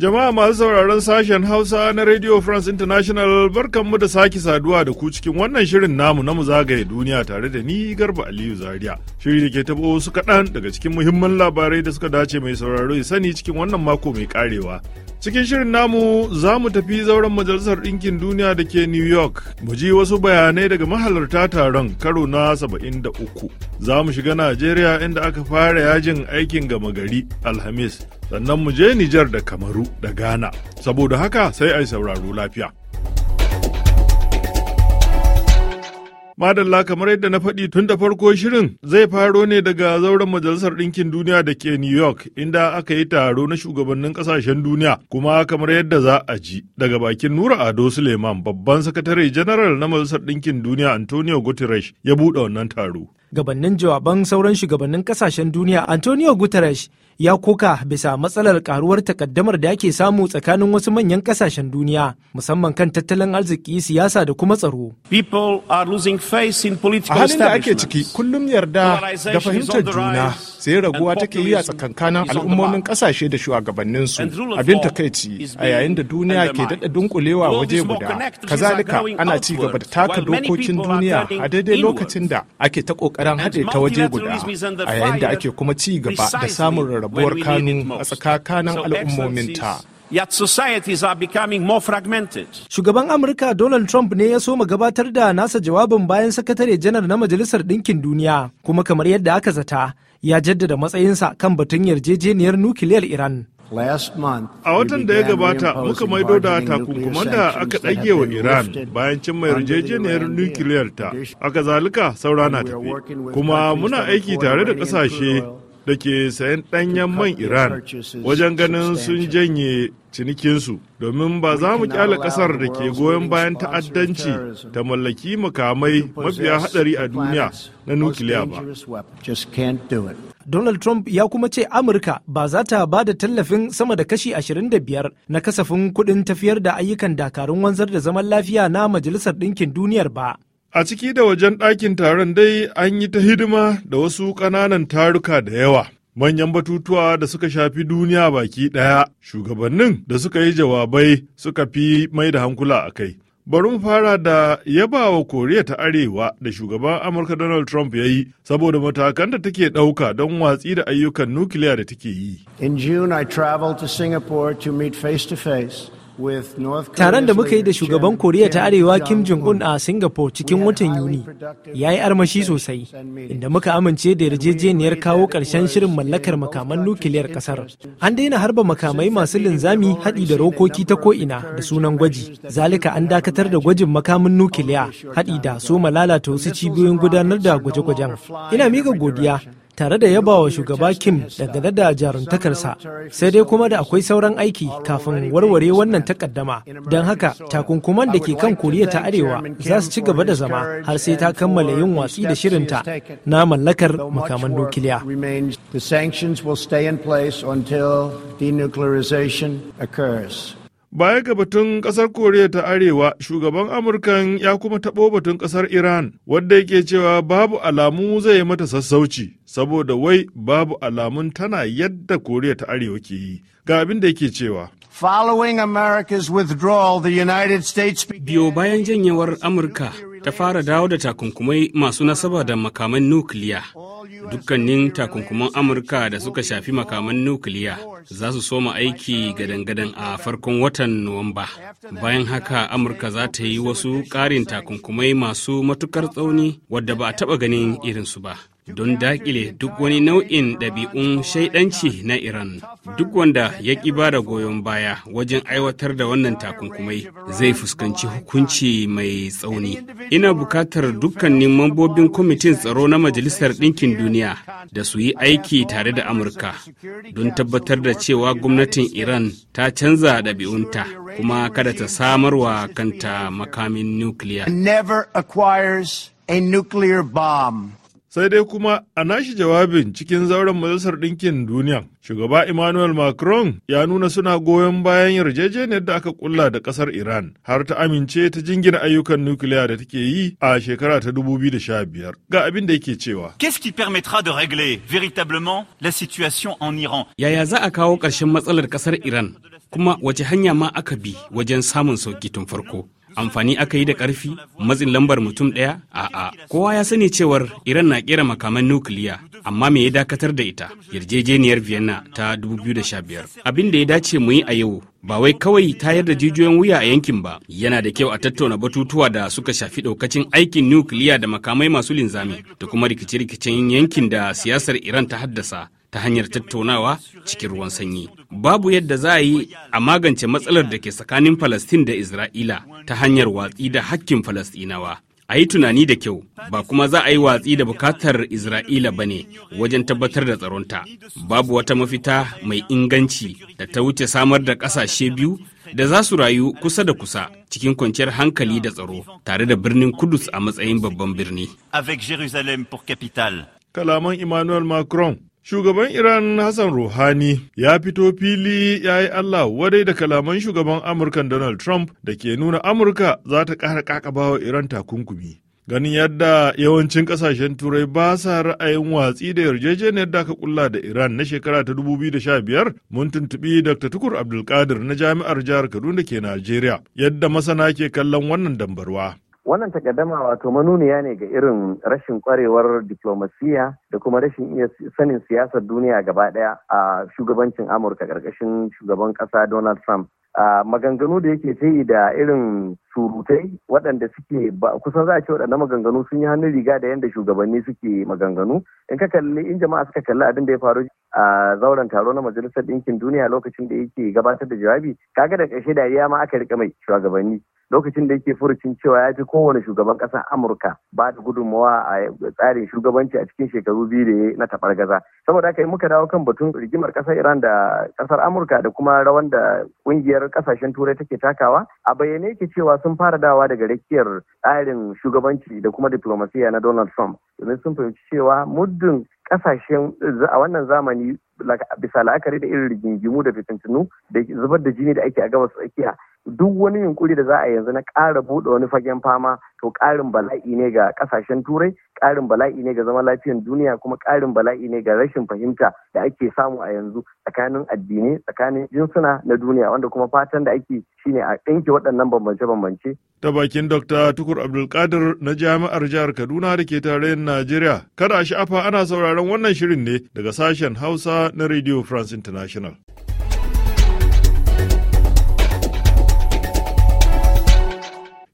Jama'a masu sauraron sashen Hausa na Radio France International barkanmu da sake saduwa da ku cikin wannan shirin namu na mu zagaye duniya tare da ni Garba Aliyu Zaria. Shiri da ke tabo su kaɗan daga cikin muhimman labarai da suka dace mai sauraro ya sani cikin wannan mako mai karewa. Cikin shirin namu za mu tafi zauren Majalisar Ɗinkin Duniya da ke New York, mu ji wasu bayanai daga mahalarta taron karo na uku Za mu shiga Najeriya inda aka fara yajin aikin gama gari Alhamis. sannan mu je Nijar da Kamaru da Ghana, saboda haka sai a sauraro lafiya. Madalla kamar yadda na faɗi tun da farko shirin zai faro ne daga zauren Majalisar Ɗinkin Duniya da ke New York inda aka yi taro na shugabannin ƙasashen duniya kuma kamar yadda za a ji daga bakin Nura Ado Suleiman babban sakatare janaral na Majalisar Ɗinkin Duniya Antonio Guterres ya buɗe wannan taro. gabannin jawaban sauran shugabannin kasashen duniya antonio guterres ya koka bisa matsalar karuwar takaddamar da ake samu tsakanin wasu manyan kasashen duniya musamman kan tattalin arziki siyasa da kuma tsaro a halin da ake ciki kullum yarda da fahimtar juna sai raguwa take yi a tsakankanin al'ummomin kasashe da shugabanninsu abin takaici a yayin da duniya ke daɗa dunkulewa waje guda kazalika ana ci gaba da taka dokokin duniya a daidai lokacin da ake ta ƙoƙarin haɗe ta waje guda a yayin da ake kuma ci gaba da samun rarrabuwar kanu a tsakakanin al'ummominta. Yet societies are becoming more fragmented. Shugaban Amurka Donald Trump ne ya soma gabatar da nasa jawabin bayan sakatare janar na Majalisar Ɗinkin Duniya, kuma kamar yadda aka zata, ya jaddada matsayinsa kan batun yarjejeniyar nukiliyar Iran. A watan da ya gabata muka maido da takunkuman da aka ɗage wa Iran bayan cin mai yarjejeniyar nukiliyar ta, aka zalika saura na tafi. Kuma muna aiki tare da ƙasashe da ke sayan ɗanyen man Iran wajen ganin sun janye cinikinsu domin ba za mu kyala kasar da ke goyon bayan ta'addanci ta mallaki makamai mafiya hadari a duniya na nukiliya ba. Donald Trump ya kuma ce Amurka ba za ta ba da tallafin sama da kashi 25 na kasafin kuɗin tafiyar da ayyukan dakarun wanzar da zaman lafiya na Majalisar Ɗinkin Duniyar ba. A ciki da wajen ɗakin taron dai an yi ta hidima da wasu ƙananan taruka da yawa. manyan batutuwa da suka shafi duniya baki ɗaya shugabannin da suka yi jawabai suka fi mai da hankula a kai. Bari mu fara da yabawa Koriya ta Arewa da shugaban Amurka Donald Trump ya yi saboda matakan da take ɗauka don watsi da ayyukan nukiliya da take yi. In June, I traveled to Singapore to meet face to face Taron da muka yi da shugaban Koriya ta Arewa Kim Jong-un a Singapore cikin watan Yuni ya yi armashi sosai, inda muka amince da yarjejeniyar kawo ƙarshen shirin mallakar makaman nukiliyar ƙasar. An daina harba makamai masu linzami haɗi da rokoki ta ko'ina da sunan gwaji. Zalika an dakatar da gwajin makamin nukiliya haɗi da soma lalata wasu cibiyoyin gudanar da gwaje-gwajen. Ina miƙa godiya tare da yabawa shugaba Kim dangane da jarumtakarsa sai dai kuma da akwai sauran aiki kafin warware wannan takaddama don haka takunkuman da ke kan Koriya ta Arewa za su ci gaba da zama har sai ta kammala yin watsi da shirinta na mallakar makaman nukiliya. The sanctions will stay in place until denuclearization occurs. Baya ga batun kasar Koriya ta Arewa, shugaban Amurkan ya kuma taɓo batun kasar Iran, wadda yake cewa babu alamu zai mata sassauci, saboda wai babu alamun tana yadda Koriya ta Arewa ke yi. Ga abin da yake cewa. Following America's withdrawal, the United States Biyo bayan janyewar Amurka, ta fara dawo da takunkumai masu nasaba da makaman nukiliya. Dukkanin takunkuman Amurka da suka shafi makaman nukiliya za su soma aiki gadan-gadan a farkon watan Nuwamba. Bayan haka Amurka za ta yi wasu ƙarin takunkumai masu matukar tsauni wadda ba a taɓa ganin irinsu ba. don dakile duk wani nau'in ɗabi'un shaidanci na Iran. Duk wanda ya ƙi ba da goyon baya wajen aiwatar da wannan takunkumai zai fuskanci hukunci mai tsauni. Ina bukatar dukkanin mambobin kwamitin tsaro na Majalisar Ɗinkin Duniya da su yi aiki tare da Amurka don tabbatar da cewa gwamnatin Iran ta canza ɗabi'unta kuma kada ta samarwa kanta makamin nukiliya. a nuclear bomb. Sai dai kuma a nashi jawabin cikin zauren Majalisar Ɗinkin Duniya, shugaba Emmanuel Macron ya nuna suna goyon bayan yarjejeniyar da aka kulla da ƙasar Iran har ta amince ta jingina ayyukan nukiliya da take yi a shekara ta 2015. Ga abin da yake cewa. Qu'est-ce permettra de régler véritablement la situation en Iran? Yaya za a kawo ƙarshen matsalar ƙasar Iran? Kuma wace hanya ma aka bi wajen samun sauki tun farko? amfani aka yi da ƙarfi matsin lambar mutum ɗaya a'a kowa ya sani cewar iran na kera makaman nukiliya amma me ya dakatar da ita yarjejeniyar vienna ta 2015 abin da ya dace mu yi a yau ba wai kawai tayar da jijiyoyin wuya a yankin ba yana da kyau a tattauna batutuwa da suka shafi daukacin aikin nukiliya da makamai masu linzami da kuma rikice-rikicen yankin da siyasar iran ta haddasa ta hanyar tattaunawa cikin ruwan sanyi. Babu yadda za a yi a magance matsalar da ke tsakanin Falastin da Isra'ila ta hanyar watsi da hakkin Falastinawa. A yi tunani da kyau, ba kuma za a yi watsi da bukatar Isra'ila ba ne wajen tabbatar da tsaronta. Babu wata mafita mai inganci da ta wuce samar da ƙasashe biyu da za su rayu kusa da kusa cikin kwanciyar hankali da tsaro tare da birnin Kudus a matsayin babban birni. Kalaman Emmanuel Macron Shugaban Iran Hassan Rouhani ya fito fili ya yi Allah wadai da kalaman shugaban Amurkan Donald Trump da ke nuna Amurka za ta ƙara ƙaƙabawa Iran takunkumi. Ganin yadda yawancin ƙasashen Turai ba sa ra'ayin watsi da yarjejeniyar da aka kulla da Iran na shekara ta 2015 mun tuntubi Dr. Tukur Abdulkadir na Jami'ar Jihar Kaduna ke Najeriya yadda masana ke kallon wannan dambarwa. Wannan takaddama wato manuniya ne ga irin rashin kwarewar diplomasiya da kuma rashin iya sanin siyasar duniya gaba daya a shugabancin Amurka ƙarƙashin shugaban ƙasa Donald Trump. Maganganu da yake yi da irin surutai waɗanda suke ba kusan za a ce waɗanda maganganu sun yi hannun riga da yadda shugabanni suke maganganu in ka kalli in jama'a suka kalli abin da ya faru a zauren taro na majalisar ɗinkin duniya lokacin da yake gabatar da jawabi ka ga da ƙarshe dariya ma aka rika mai shugabanni lokacin da yake furucin cewa ya fi kowane shugaban ƙasar amurka ba da gudunmawa a tsarin shugabanci a cikin shekaru biyu da ya na taɓar gaza saboda aka haka muka dawo kan batun rigimar ƙasar iran da ƙasar amurka da kuma rawan da ƙungiyar ƙasashen turai take takawa a bayyane yake cewa sun fara dawa daga rakiyar tsarin shugabanci da kuma diplomasiya na Donald Trump domin sun fahimci cewa muddin kasashen a wannan zamani bisa la'akari da irin rigingimu da fitintinu da zubar da jini da ake a gabas tsakiya duk wani yunkuri da za a yanzu na ƙara buɗe wani fagen fama to ƙarin bala'i ne ga ƙasashen turai ƙarin bala'i ne ga zaman lafiyar duniya kuma ƙarin bala'i ne ga rashin fahimta da ake samu a yanzu tsakanin addinai tsakanin jinsuna na duniya wanda kuma fatan da ake shine a ɗinke waɗannan bambance-bambance. ta bakin dokta tukur abdulkadir na jami'ar jihar kaduna da ke tarayyar najeriya kada a sha'afa ana sauraron wannan shirin ne daga sashen hausa na radio france international.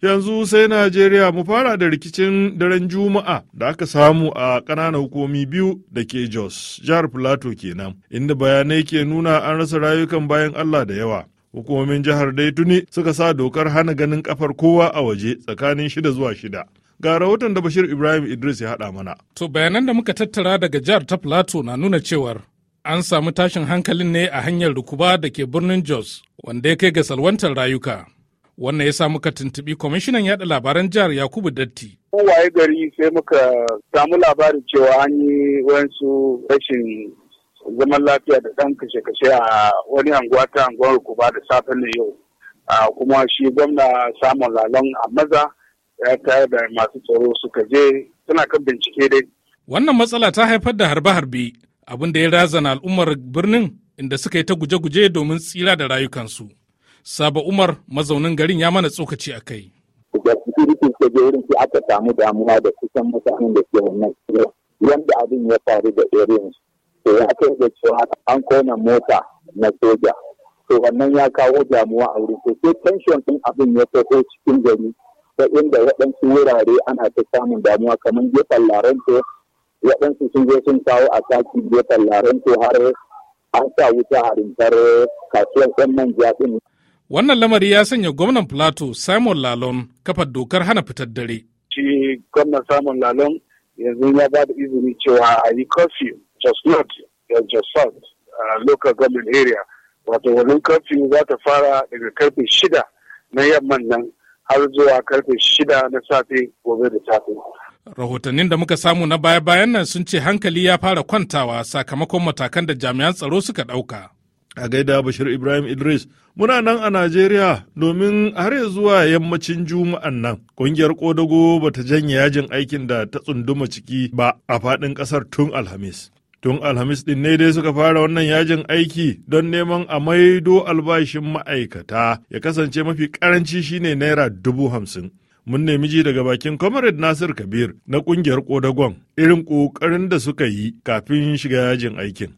Yanzu sai Najeriya mu fara da rikicin daren Juma'a da aka samu a ƙananan hukumomi biyu da ke Jos, jihar Filato kenan, inda bayanai ke nuna an rasa rayukan bayan Allah da yawa. Hukumomin jihar dai tuni suka sa dokar hana ganin kafar kowa a waje tsakanin shida zuwa shida. ga rahoton da Bashir Ibrahim Idris ya haɗa mana. To bayanan da muka tattara daga jihar ta Filato na nuna cewar an samu tashin hankalin ne a hanyar rukuba da ke birnin Jos wanda ya kai ga salwantar rayuka. Wannan ya sa muka tuntuɓi kwamishinan yaɗa labaran jihar Yakubu Datti. Kowaye gari sai muka samu labarin cewa an yi wayansu rashin zaman lafiya da ɗan kashe-kashe a wani anguwa ta anguwar Rukuba da safen na yau. Kuma shi gwamna samun lalon a maza ya tayar da masu tsaro suka je suna kan bincike dai. Wannan matsala ta haifar da harbe-harbe abin da ya razana al'ummar birnin inda suka yi ta guje-guje domin tsira da rayukansu. Saba Umar mazaunin garin ya mana tsokaci a kai. Da security ta aka samu damuwa da kusan mutanen da ke wannan yadda abin ya faru da irin to ya kai da cewa an kona mota na soja to wannan ya kawo damuwa a wurin sai tension din abin ya taho cikin gari ta inda waɗansu wurare ana ta samun damuwa kamar gefen laranto waɗansu sun zo sun kawo a saki gefen laranto har an sa wuta a rintar kasuwar ɗan manja ɗin Wannan lamari ya sanya gwamnan Plateau Simon Lalon kafa dokar hana fitar dare. Shi gwamnan Simon Lalon yanzu ya ba da izini cewa a yi curfew just not uh, just south a local government area. Wato wannan curfew za ta fara daga karfe shida na yamman nan har zuwa karfe shida na safe gobe da safe. Rahotannin da muka samu na baya-bayan nan sun ce hankali ya fara kwantawa sakamakon matakan da jami'an tsaro suka ɗauka. a gaida bashir ibrahim idris muna nan a najeriya domin har zuwa yammacin juma'an nan kungiyar kodago bata janye yajin aikin da ta tsunduma ciki ba a faɗin ƙasar tun alhamis tun alhamis din ne dai suka fara wannan yajin aiki don neman a maido albashin ma'aikata ya kasance mafi karanci shine naira dubu hamsin mun nemi ji daga bakin comrade nasir kabir na kungiyar kodagon irin kokarin da suka yi kafin shiga yajin aikin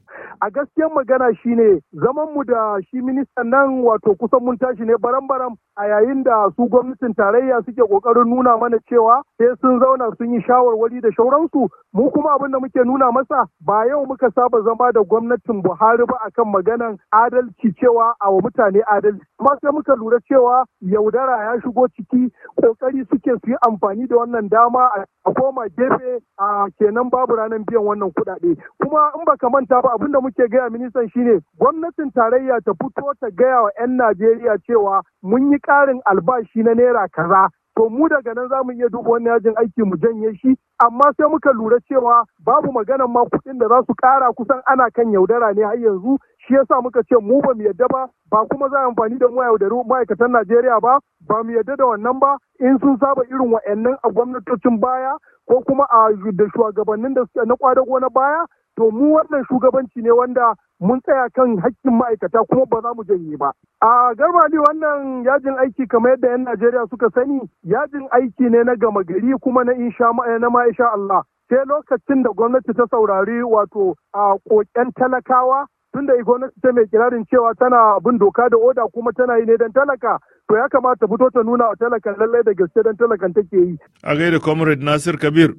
a gaskiyar magana shine zaman mu da shi ministan nan wato kusan mun tashi ne baram-baram a yayin da su gwamnatin tarayya suke kokarin nuna mana cewa sai sun zauna sun yi shawarwari da shauransu mu kuma abin da muke nuna masa ba yau muka saba zama da gwamnatin Buhari ba akan maganan adalci cewa a wa mutane adalci amma sai muka lura cewa yaudara ya shigo ciki kokari suke su yi amfani da wannan dama a koma gefe a kenan babu ranar biyan wannan kuɗaɗe kuma in baka manta ba abin da muke gaya ministan shine gwamnatin tarayya ta fito ta gaya wa 'yan Najeriya cewa mun yi ƙarin albashi na naira kaza to mu daga nan za mu iya duba wani yajin aiki mu janye shi amma sai muka lura cewa babu maganan ma kuɗin da za su ƙara kusan ana kan yaudara ne har yanzu shi yasa muka ce mu ba mu yadda ba ba kuma za a amfani da mu yaudaru ma'aikatan Najeriya ba ba mu yadda da wannan ba in sun saba irin wa'annan a gwamnatocin baya ko kuma a da shugabannin da na kwadago na baya to mu wannan shugabanci ne wanda mun tsaya kan hakkin ma'aikata kuma ba za mu janye ba. A garba ne wannan yajin aiki kamar yadda 'yan Najeriya suka sani yajin aiki ne na gama gari kuma na insha eh, na ma'aisha Allah. Sai lokacin da gwamnati ta saurari wato a ƙoƙen talakawa tunda gwamnati ta mai kirarin cewa tana bin doka da oda kuma tana yi ne don talaka to ya kamata fito ta nuna wa talakan lallai da gaske don talakan take yi. A gaida Comrade Nasir Kabir.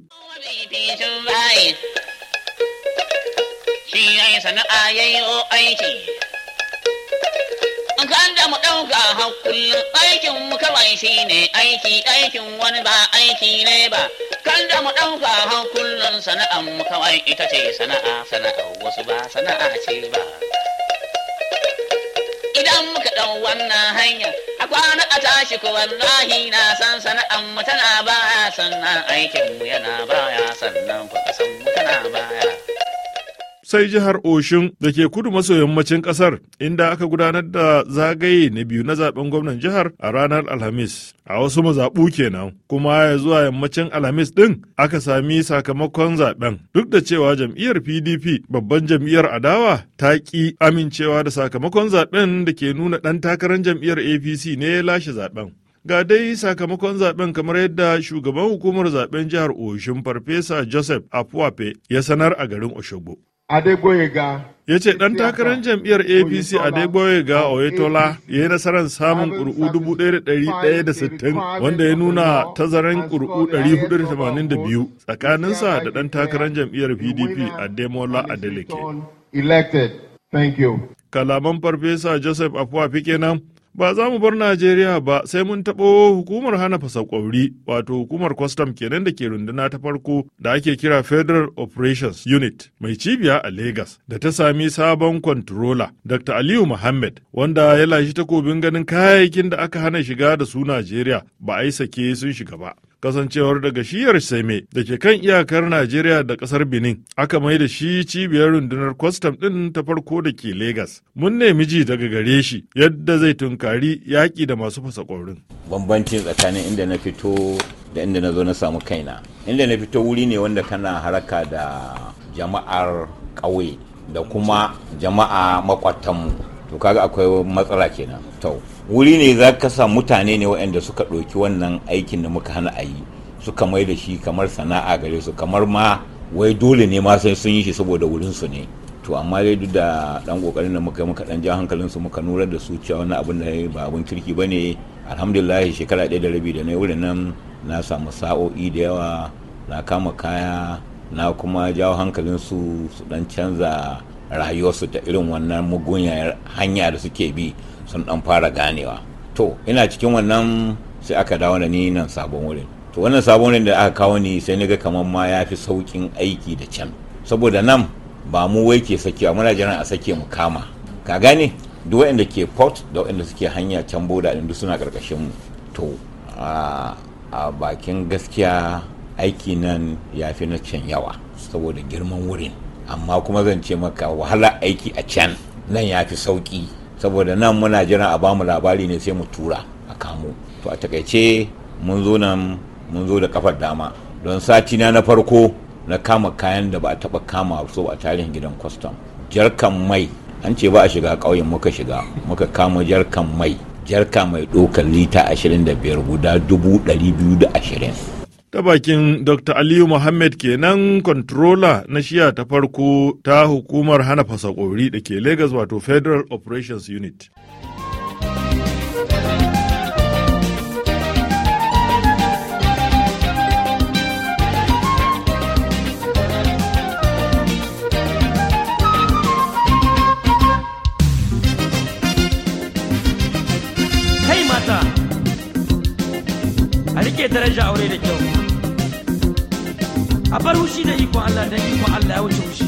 shi ya yi sana'a ya yi aiki kan da mu ɗauka hakullin aikin mu kawai shi ne aiki aikin wani ba aiki ne ba kan da mu ɗauka hakullin sana'an mu kawai ita ce sana'a sana'a wasu ba sana'a ce ba idan muka ɗau wannan hanya a kwana a tashi ko wallahi na san sana'an mu tana baya sannan aikin mu yana baya sannan ku san mu tana baya sai jihar Oshun da ke kudu maso yammacin kasar inda aka gudanar da zagaye na biyu na zaben gwamnan jihar a ranar Alhamis. A wasu mazaɓu kenan kuma ya zuwa yammacin Alhamis ɗin aka sami sakamakon zaben duk da cewa jam'iyyar PDP babban jam'iyyar adawa ta ƙi amincewa da sakamakon zaben da ke nuna ɗan takarar jam'iyyar APC ne ya lashe zaben. ga dai sakamakon zaben kamar yadda shugaban hukumar zaben jihar oshun farfesa joseph afuwafe ya sanar a garin oshogbo Adegboyega ya ce ɗan takarar jam'iyyar apc adegboyega oyetola ya yi nasarar samun ƙuri'u 1,160 wanda ya nuna tazaran ƙuri'u 482 tsakaninsa da ɗan takarar jam'iyyar pdp ademola adeleke kalaman farfesa joseph afuwa kenan ba za mu bar Najeriya ba sai mun taɓo hukumar hana Fasa fasakwauri wato hukumar kwastam kenan da ke runduna ta farko da ake kira Federal Operations Unit mai cibiya a Lagos da ta sami sabon kwantirola Dr. Aliyu Muhammad wanda ya lashi takobin ganin kayayyakin da aka hana shiga da su Najeriya ba a yi sake sun shiga ba. kasancewar daga shiyar seme da ke kan iyakar najeriya da kasar benin aka mai da shi cibiyar rundunar kwastam din ta farko da ke lagos mun nemi ji daga gare shi yadda zai tunkari yaƙi da masu fasa ƙorin bambanci tsakanin inda na fito da inda na zo na samu kaina inda na fito wuri ne wanda kana haraka da jama'ar ƙauye da kuma jama'a makwatanmu to kaga akwai matsala kenan to wuri ne za ka sa mutane ne waɗanda suka ɗauki wannan aikin da muka hana a yi suka mai da shi kamar sana'a gare su kamar ma wai dole ne ma sai sun yi shi saboda wurin su ne to amma dai duk da dan kokarin da muka yi muka dan ja hankalin su muka nurar da su cewa wani abin da ba abin kirki bane alhamdulillah shekara ɗaya da rabi da na wurin nan na samu sa'o'i da yawa na kama kaya na kuma jawo hankalin su su dan canza rayuwarsu da irin wannan mugunyar hanya da suke bi sun dan fara ganewa to ina cikin wannan sai aka dawo da ni nan sabon wurin to wannan sabon wurin da aka kawo ni sai na ga kamar ma ya fi sauƙin aiki da can saboda nan ba mu wai ke sakewa muna jiran a sake mu kama ka gane duk waɗanda ke port da waɗanda suke hanya can boda duk suna ƙarƙashin mu to a bakin gaskiya aiki nan ya fi na can yawa saboda girman wurin amma kuma zan ce maka wahala aiki a can nan ya fi sauki saboda nan muna jira a bamu labari ne sai mu tura a kamo to a takaice mun zo nan mun zo da kafar dama don sati na na farko na kama kayan da ba a taba kama so a tarihin gidan kwastam jarkan mai an ce ba a shiga ƙauyen muka shiga muka kama jarkan mai jarka mai ɗaukar lita 25 guda 220 ta bakin dr aliyu muhammad kenan controller na shiya ta farko ta hukumar hana fasakori da ke lagos wato federal operations unit Hey mata a rike daraja aure da kyau a bar wushi da ikon Allah don ikon Allah ya wuce wushi.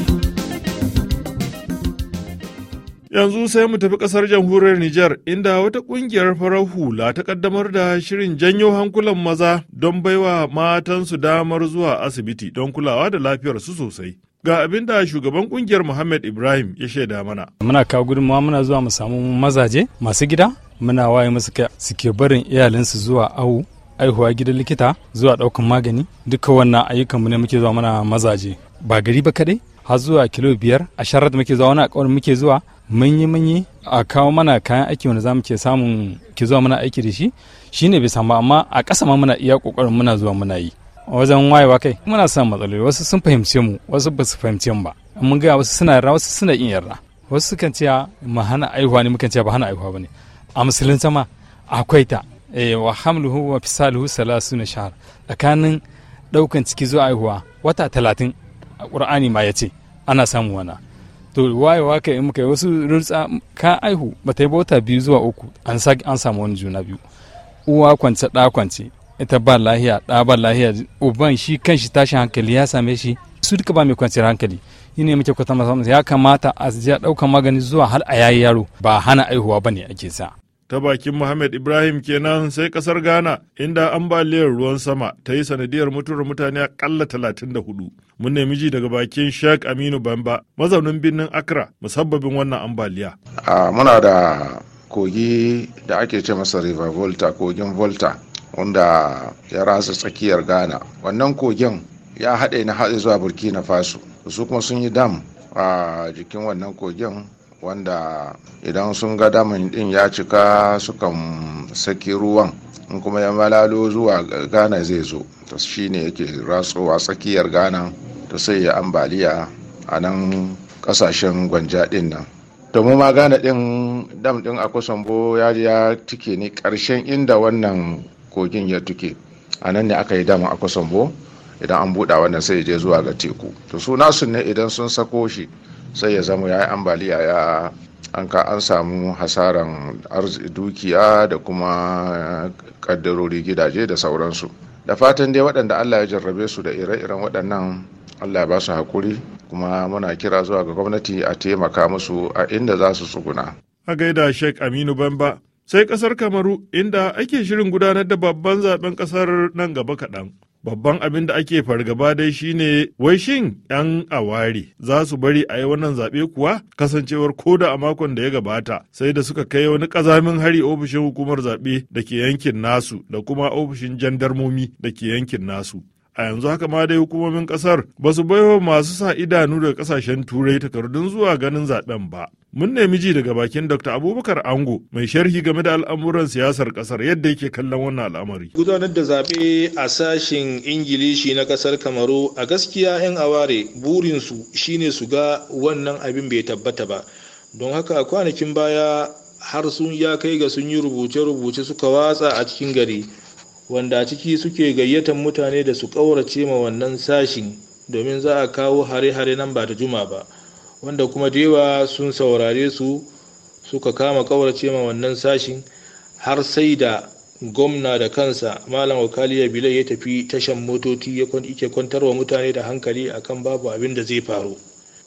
Yanzu sai mu tafi kasar jamhuriyar Nijar inda wata kungiyar farar hula ta kaddamar da shirin janyo hankulan maza don baiwa matansu damar zuwa asibiti don kulawa da lafiyarsu sosai. ga abin da shugaban kungiyar Muhammad Ibrahim ya shaida mana. Muna kawo gudunmawa muna zuwa mu samu mazaje masu gida muna waye musu suke barin iyalinsu zuwa awu aihuwa gidan likita zuwa daukan magani duka wannan ayyukanmu ne muke zuwa mana mazaje ba gari ba kadai har zuwa kilo biyar a sharar da muke zuwa wani akawar muke zuwa manyi manyi a kawo mana kayan aiki wanda za mu ke samun ke zuwa mana aiki da shi shine bai samu amma a ƙasa ma muna iya ƙoƙarin muna zuwa muna yi wajen wayewa kai muna samun matsaloli wasu sun fahimce mu wasu ba su fahimce mu ba mun ga wasu suna yarda wasu suna yin yarda wasu kan ce ah, mu hana aihuwa ne mukan ce ba hana aihuwa ne a musulunta ma akwai ta Eh, wa hamluhu wa fisaluhu salasuna shahar tsakanin daukan ciki zuwa haihuwa wata talatin a ƙur'ani ma ya ce ana samu wana to wayewa wa in muka wasu rutsa ka aihu ba ta yi wata biyu zuwa uku an samu wani juna biyu uwa kwance ɗa kwance ita ba lahiya ɗa ba lahiya uban shi kan shi tashin hankali ya same shi su duka ba mai kwanciyar hankali shi ne muke kwata masa ya kamata a ɗaukan magani zuwa har a yayi yaro ba hana aihuwa ba ne ake sa ta bakin Muhammad Ibrahim kenan sai kasar Ghana inda ambaliyar ruwan sama ta yi sanadiyar mutuwar mutane akalla 34. Mun nemi ji daga bakin Sheikh Aminu Bamba mazaunin birnin Accra musabbabin wannan ambaliya. muna da kogi da ake ce masa River Volta kogin Volta wanda ya rasa tsakiyar Ghana. Wannan kogin ya haɗe na haɗe zuwa Burkina Faso. Su kuma sun yi dam a jikin wannan kogin wanda idan sun ga damin din ya cika sukan saki ruwan in kuma ya malalo zuwa ghana zai zo ta shi ne yake rasowa tsakiyar ghana ta sai ya ambaliya a nan kasashen gwanja din nan ta mu ma ghana din dam din a bo ya ya tike ne karshen inda wannan kogin ya tuke a nan ne aka yi dam a bo idan an buɗa wannan sai ya je zuwa ga teku to su nasu ne idan sun sako shi sai ya zama ya yi ambaliya ya an ka an samu hasaran dukiya da kuma kaddarori gidaje da sauransu da fatan dai waɗanda allah ya jarrabe su da ire-iren waɗannan allah ba su haƙuri kuma muna kira zuwa ga gwamnati a taimaka musu a inda za su tsuguna a gaida sheik aminu bamba sai ƙasar kamaru inda ake shirin gudanar da babban zaben ƙasar nan gaba kaɗan babban abin da ake fargaba dai shine wai shin 'yan aware za su bari a yi wannan zaɓe kuwa kasancewar koda a makon da ya gabata sai da suka kai wani ƙazamin hari ofishin hukumar zaɓe da ke yankin nasu da kuma ofishin jandarmomi da ke yankin nasu a yanzu haka ma dai hukumomin ƙasar ba su baiwa masu sa idanu daga ƙasashen turai takardun zuwa ganin zaɓen ba mun nemi ji daga bakin dr abubakar ango mai sharhi game da al'amuran siyasar kasar yadda yake kallon wannan al'amari gudanar da zaɓe a sashen ingilishi na kasar kamaru a gaskiya 'yan aware burinsu shine su ga wannan abin bai tabbata ba don haka kwanakin baya har sun ya kai ga sun yi rubuce-rubuce suka watsa a cikin gari wanda a ciki suke gayyatan mutane da su ƙaurace ma wannan sashin domin za a kawo hare-hare nan ba da juma ba wanda kuma da sun saurare su suka kama kawarce ma wannan sashin har sai da gwamna da kansa malam wakali ya bilai ya tafi tashan motoci ya ke kwantarwa mutane da hankali akan babu abin da zai faru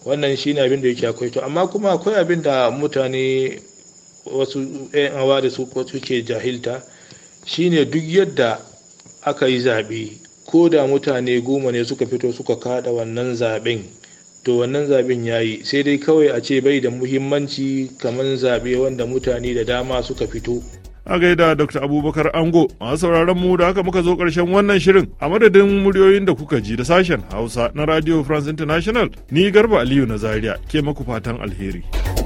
wannan shine abin da yake akwai to amma kuma akwai abin da mutane wasu yan hawa da su suke jahilta shine duk yadda aka yi zaɓe ko da mutane goma ne suka fito suka kada wannan zaɓen to wannan zaɓen ya yi sai dai kawai a ce bai da muhimmanci kamar zaɓe wanda mutane da dama suka fito a gaida dr abubakar ango masu sauraron mu da haka muka zo karshen wannan shirin a madadin muryoyin da kuka ji da sashen hausa na radio france international ni garba aliyu na zaria ke maku fatan alheri